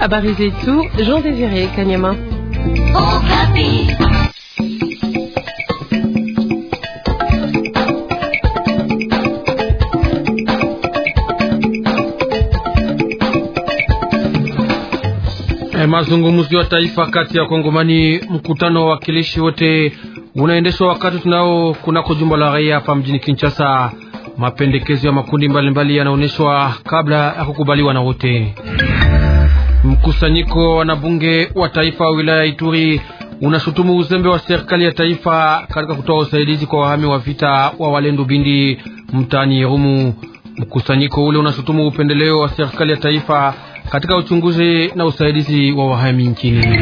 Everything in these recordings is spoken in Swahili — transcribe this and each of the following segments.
Habari zetu Jean Désiré Kanyama. Okapi. Eh, mazungumzo ya taifa kati ya Kongomani, mkutano wa wakilishi wote unaendeshwa wakati tunao kunako jumba la raia hapa mjini Kinshasa. Mapendekezo ya makundi mbalimbali yanaonyeshwa kabla ya kukubaliwa na wote. Mkusanyiko wa wanabunge wa taifa wa wilaya ya Ituri unashutumu uzembe wa serikali ya taifa katika kutoa usaidizi kwa wahami wa vita wa Walendu Bindi mtaani Irumu. Mkusanyiko ule unashutumu upendeleo wa serikali ya taifa katika uchunguzi na usaidizi wa wahami nchini.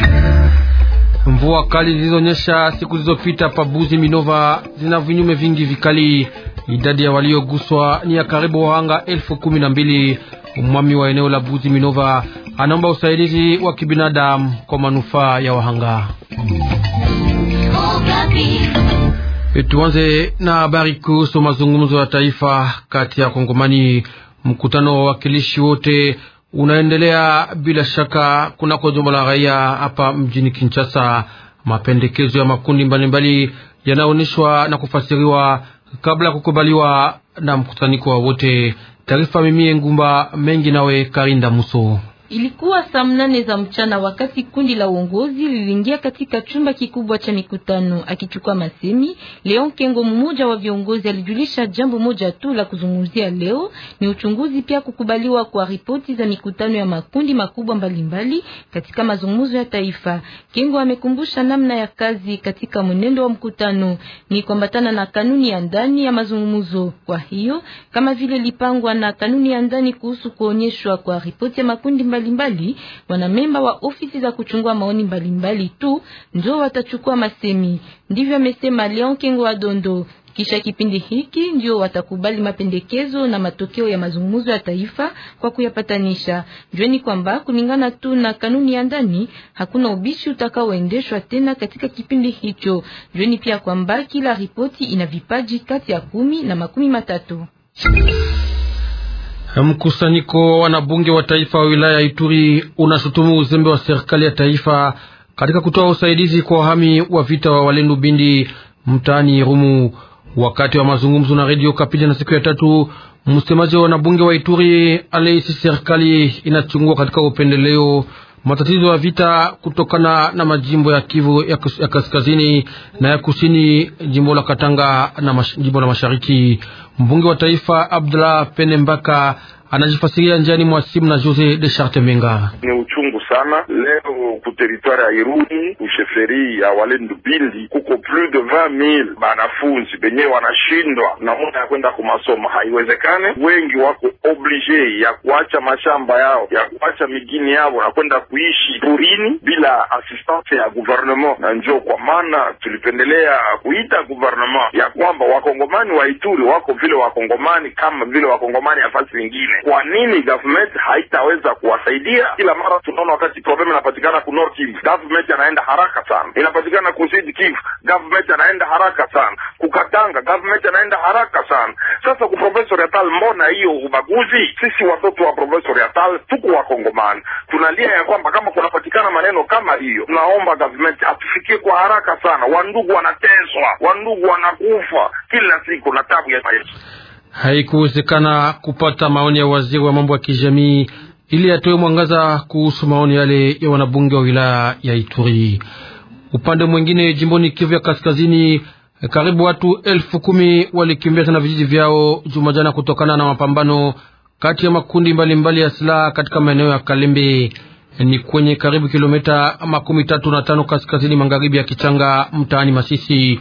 Mvua kali zilizonyesha siku zilizopita pabuzi Minova zina vinyume vingi vikali Idadi ya walioguswa ni ya karibu wahanga elfu kumi na mbili. Mwami wa eneo la Buzi Minova anaomba usaidizi wa kibinadamu kwa manufaa ya wahanga. E, tuanze na habari kuhusu mazungumzo ya taifa kati ya Kongomani. Mkutano wa wakilishi wote unaendelea bila shaka kunako jumba la raia hapa mjini Kinshasa. Mapendekezo ya makundi mbalimbali yanaonyeshwa na kufasiriwa kabla ya kukubaliwa na mkutaniko wa wote. Taarifa mimi Ngumba mengi nawe Karinda Muso. Ilikuwa saa mnane za mchana wakati kundi la uongozi liliingia katika chumba kikubwa cha mikutano. Akichukua masemi, Leon Kengo, mmoja wa viongozi, alijulisha jambo moja tu la kuzungumzia leo ni uchunguzi, pia kukubaliwa kwa ripoti za mikutano ya makundi makubwa mbalimbali mbali katika mazungumzo ya taifa. Kengo amekumbusha namna ya kazi katika mwenendo wa mkutano ni kuambatana na kanuni ya ndani ya mazungumzo, kwa hiyo kama vile lipangwa na kanuni ya ndani kuhusu kuonyeshwa kwa ripoti ya makundi mbalimbali mbalimbali, wanamemba wa ofisi za kuchungua maoni mbalimbali tu ndio watachukua masemi. Ndivyo amesema Leon Kengo wa Dondo. Kisha kipindi hiki ndio watakubali mapendekezo na matokeo ya mazungumzo ya taifa kwa kuyapatanisha. Jueni kwamba kulingana tu na kanuni ya ndani hakuna ubishi utakaoendeshwa tena katika kipindi hicho. Jueni pia kwamba kila ripoti ina vipaji kati ya kumi na makumi matatu. Mkusanyiko wa wanabunge wa taifa wa wilaya ya Ituri unashutumu uzembe wa serikali ya taifa katika kutoa usaidizi kwa wahami wa vita wa Walendu Bindi mtaani Rumu. Wakati wa mazungumzo na redio Kapija na siku ya tatu, msemaji wa wanabunge wa Ituri aliisi serikali inachungua katika upendeleo matatizo ya vita kutokana na majimbo ya Kivu ya kaskazini na ya kusini, jimbo la Katanga na mash, jimbo la mashariki. Mbunge wa taifa Abdullah Pene Mbaka anajifasiria njiani mwa simu na Jose de Charte Menga. Ni uchungu sana leo ku territoire ya Irumu kusheferi ya Walendu Bindi kuko plus de 20000 banafunzi benye wanashindwa na muda ya kwenda kumasomo. Haiwezekane, wengi wako oblige ya kuacha mashamba yao ya kuacha migini yao na kwenda kuishi porini bila assistance ya gouvernement, na njoo kwa maana tulipendelea kuita gouvernement ya kwamba wakongomani wa Ituri wako vile wakongomani kama vile wakongomani ya fasi nyingine. Kwa nini government haitaweza kuwasaidia? Kila mara tunaona wakati problem inapatikana ku North Kivu, government anaenda haraka sana. Inapatikana ku Sud Kivu, government anaenda haraka sana. Kukatanga, government anaenda haraka sana. Sasa ku Professor Yatal, mbona hiyo ubaguzi? Sisi watoto wa Professor Yatal tuko wa Kongomani, tunalia ya kwamba kama kunapatikana maneno kama hiyo, tunaomba government atufikie kwa haraka sana. Wandugu wanateswa, wandugu wanakufa kila siku na tabu ya maisha. Haikuwezekana kupata maoni ya waziri wa mambo ya kijamii ili atoe mwangaza kuhusu maoni yale ya wanabunge wa wilaya ya Ituri. Upande mwingine, jimboni Kivu ya Kaskazini, karibu watu elfu kumi walikimbia sana vijiji vyao Jumajana kutokana na mapambano kati ya makundi mbalimbali mbali ya silaha katika maeneo ya Kalembe ni kwenye karibu kilomita makumi tatu na tano kaskazini magharibi ya Kichanga mtaani Masisi.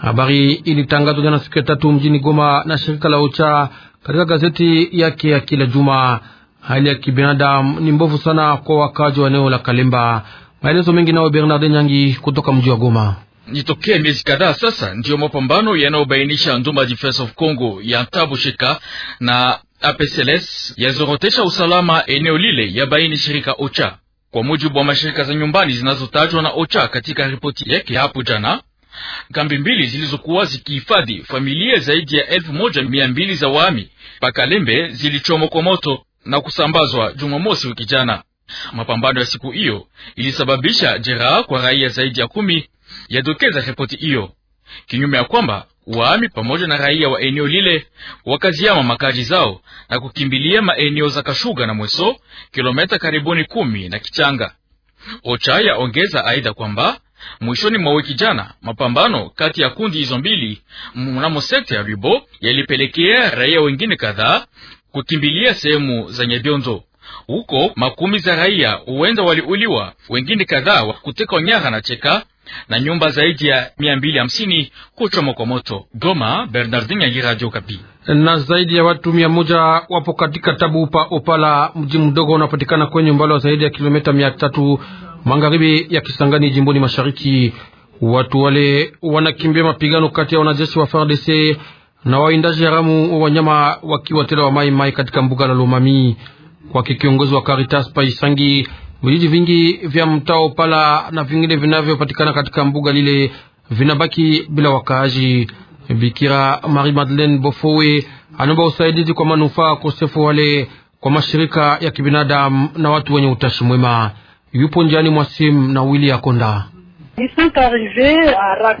Habari ilitangazwa jana siku ya tatu mjini Goma na shirika la Ocha katika gazeti yake ya kila juma. Hali ya kibinadamu ni mbovu sana kwa wakaji wa eneo la Kalemba. Maelezo mengi nayo Bernard Nyangi kutoka mji wa Goma. Nitokee miezi kadhaa sasa, ndiyo mapambano yanayobainisha Nduma Defense of Congo ya Tabu Sheka na APCLS yazorotesha usalama eneo lile, baini shirika OCHA kwa mujibu wa mashirika za nyumbani zinazotajwa na OCHA katika ripoti yake hapo jana, kambi mbili zilizokuwa zikihifadhi familia zaidi ya elfu moja mia mbili za waami pakalembe zilichomwa kwa moto na kusambazwa Jumamosi wiki jana. Mapambano ya siku hiyo ilisababisha jeraha kwa raia zaidi ya kumi, yadokeza ripoti hiyo, kinyume ya kwamba waami pamoja na raia wa eneo lile wakaziama makaji zao na kukimbilia maeneo za Kashuga na Mweso, kilometa karibuni kumi na Kichanga. Ocha yaongeza aidha kwamba mwishoni mwa wiki jana mapambano kati ya kundi hizo mbili mnamo sekta ya Ribo yalipelekea raia wengine kadhaa kukimbilia sehemu za vionzo huko. Makumi za raia huenda waliuliwa, wengine kadhaa kutekwa nyara na cheka na nyumba zaidi ya mia mbili hamsini kuchomwa kwa moto. Goma, Bernardin ya Radio Kapi. Na zaidi ya watu mia moja wapo katika Tabu pa Opala, mji mdogo unaopatikana kwenye umbali wa zaidi ya kilomita mia tatu magharibi ya Kisangani, jimboni mashariki. Watu wale wanakimbia mapigano kati ya wanajeshi wa FARDC na waindaji haramu wa wanyama wakiwatela wa mai mai katika mbuga la Lomami kwa kiongozi wa Caritas Paisangi. Vijiji vingi vya mtao Pala na vingine vinavyopatikana katika mbuga lile vinabaki bila wakaaji. Bikira Marie Madeleine Bofowe anaomba usaidizi kwa manufaa kosefu wale kwa mashirika ya kibinadamu na watu wenye utashi mwema. Yupo njiani mwa simu na Wili Akonda.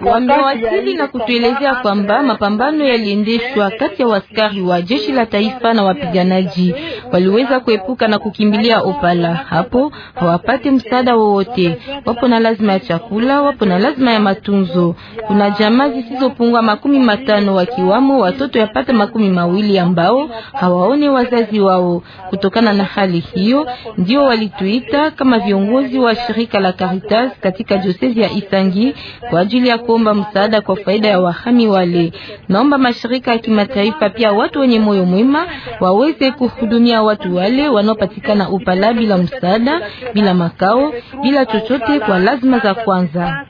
Wamewasili na kutuelezea kwamba mapambano yaliendeshwa kati ya waskari wa jeshi la taifa na wapiganaji waliweza kuepuka na kukimbilia Opala. Hapo hawapate msaada wowote, wapo na lazima ya chakula, wapo na lazima ya matunzo. Kuna jamaa zisizopungua makumi matano wakiwamo watoto yapata makumi mawili ambao hawaone wazazi wao. Kutokana na hali hiyo, ndio walituita kama viongozi wa shirika la Caritas katika diosezi ya Isangi kwa ajili ya kuomba msaada kwa faida ya wahami wale. Naomba mashirika ya kimataifa pia watu wenye moyo mwema waweze kuhudumia watu wale wanaopatikana upala bila msaada, bila makao, bila chochote kwa lazima za kwanza.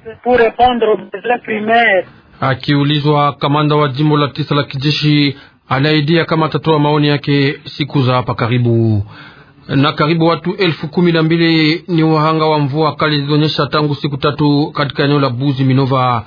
Akiulizwa, kamanda wa jimbo la tisa la kijeshi anaidia kama atatoa maoni yake siku za hapa karibu. Na karibu watu elfu kumi na mbili ni wahanga wa mvua kali zilizonyesha tangu siku tatu katika eneo la Buzi Minova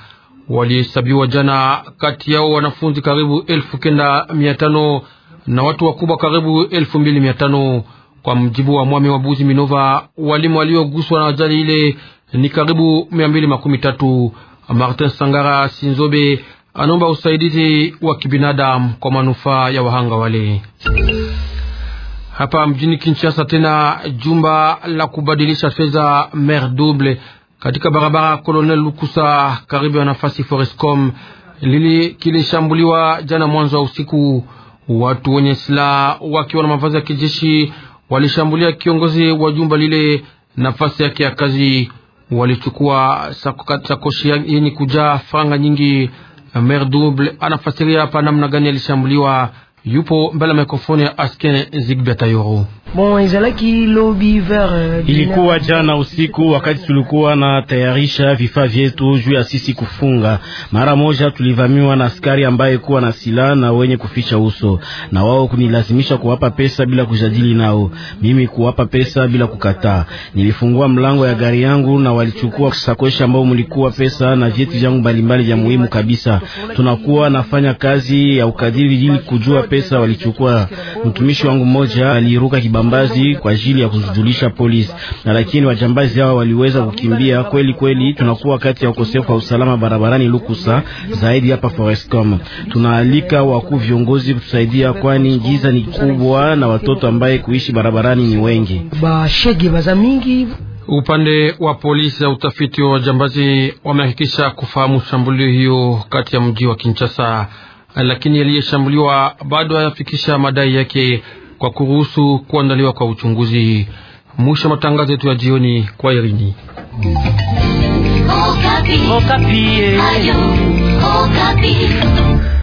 walihesabiwa jana, kati yao wanafunzi karibu elfu kenda mia tano na watu wakubwa karibu elfu mbili mia tano kwa mjibu wa mwami wa Buzi Minova. Walimu walioguswa na ajali ile ni karibu mia mbili makumi tatu. Martin Sangara Sinzobe anaomba usaidizi wa kibinadamu kwa manufaa ya wahanga wale. Hapa mjini Kinshasa, tena jumba la kubadilisha fedha mer double katika barabara Colonel Lukusa karibu ya nafasi Forescom lili kilishambuliwa jana mwanzo wa usiku. Watu wenye silaha wakiwa na mavazi ya kijeshi walishambulia kiongozi wa jumba lile, nafasi yake ya kazi. Walichukua sakoshi yenye kujaa faranga nyingi. maire Double anafasiria hapa namna gani alishambuliwa. Yupo mbele ya mikrofoni ya Askin Zigbetayoro. Euh, Ilikuwa jana usiku wakati tulikuwa na tayarisha vifaa vyetu juu ya sisi kufunga. Mara moja tulivamiwa na askari ambaye kuwa na silaha na wenye kuficha uso, na wao kunilazimisha kuwapa pesa bila kujadili nao, mimi kuwapa pesa bila kukataa. Nilifungua mlango ya gari yangu na walichukua sakoshi ambao mlikuwa pesa na vyeti vyangu mbalimbali vya muhimu kabisa. Tunakuwa nafanya kazi ya ukadiri ili kujua pesa walichukua. Mtumishi wangu mmoja aliruka kibama wajambazi kwa ajili ya kujulisha polisi, na lakini wajambazi hawa waliweza kukimbia kweli kweli. Tunakuwa kati ya ukosefu wa usalama barabarani Lukusa zaidi hapa Forestcom. Tunaalika wakuu viongozi kutusaidia, kwani giza ni kubwa na watoto ambaye kuishi barabarani ni wengi. Upande wa polisi na utafiti wa wajambazi wamehakikisha kufahamu shambulio hiyo kati ya mji wa Kinshasa, lakini aliyeshambuliwa bado hayafikisha madai yake kwa kuruhusu kuandaliwa kwa uchunguzi. Mwisho matangazo yetu ya jioni kwa Irini. Okapi. Oh, Okapi. Oh, eh. Okapi.